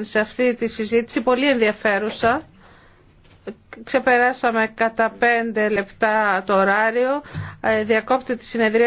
σε αυτή τη συζήτηση, πολύ ενδιαφέρουσα. Ξεπεράσαμε κατά πέντε λεπτά το ωράριο. Ε, Διακόπτεται τη συνεδρία.